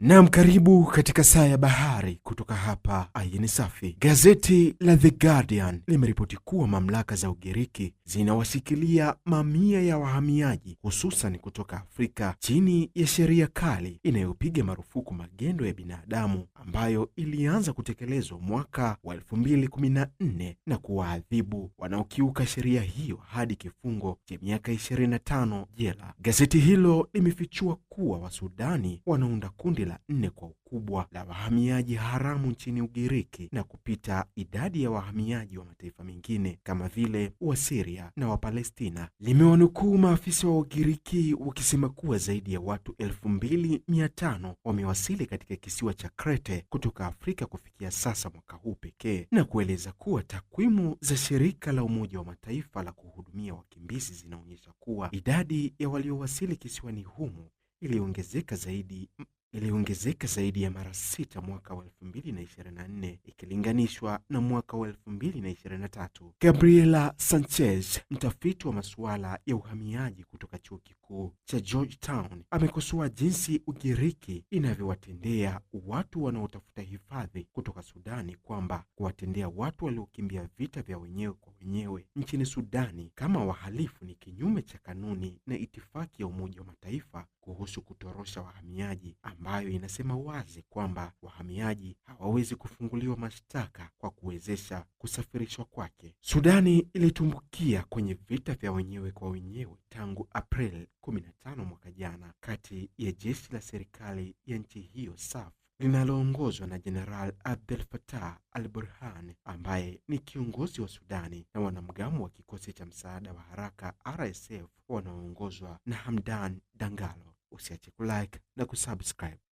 Nam, karibu katika saa ya bahari kutoka hapa Ayin Safi. Gazeti la The Guardian limeripoti kuwa mamlaka za Ugiriki zinawashikilia mamia ya wahamiaji hususan kutoka Afrika chini ya sheria kali inayopiga marufuku magendo ya binadamu ambayo ilianza kutekelezwa mwaka wa 2014 na kuwaadhibu wanaokiuka sheria hiyo hadi kifungo cha miaka 25 jela. Gazeti hilo limefichua kuwa Wasudani wanaunda kundi la nne kwa ukubwa la wahamiaji haramu nchini Ugiriki na kupita idadi ya wahamiaji wa mataifa mengine kama vile Wasiria na Wapalestina. Limewanukuu maafisa wa Ugiriki wakisema kuwa zaidi ya watu elfu mbili mia tano wamewasili katika kisiwa cha Krete kutoka Afrika kufikia sasa mwaka huu pekee, na kueleza kuwa takwimu za shirika la Umoja wa Mataifa la kuhudumia wakimbizi zinaonyesha kuwa idadi ya waliowasili kisiwani humo iliongezeka zaidi iliongezeka zaidi ya mara sita mwaka wa 2024 ikilinganishwa na mwaka wa 2023. Gabriela Sanchez, mtafiti wa masuala ya uhamiaji kutoka chuo kikuu cha Georgetown amekosoa jinsi Ugiriki inavyowatendea watu wanaotafuta hifadhi kutoka Sudani, kwamba kuwatendea watu waliokimbia vita vya wenyewe kwa wenyewe nchini Sudani kama wahalifu ni kinyume cha kanuni na itifaki ya Umoja wa Mataifa kuhusu kutorosha wahamiaji, ambayo inasema wazi kwamba wahamiaji hawawezi kufunguliwa mashtaka kwa kuwezesha kusafirishwa kwake. Sudani ilitumbukia kwenye vita vya wenyewe kwa wenyewe tangu Aprili 15 mwaka jana kati ya jeshi la serikali ya nchi hiyo SAF linaloongozwa na Jeneral Abdel Fattah al-Burhan ambaye ni kiongozi wa Sudani na wanamgambo wa kikosi cha msaada wa haraka RSF wanaoongozwa na Hamdan Dangalo. Usiache kulike na kusubscribe.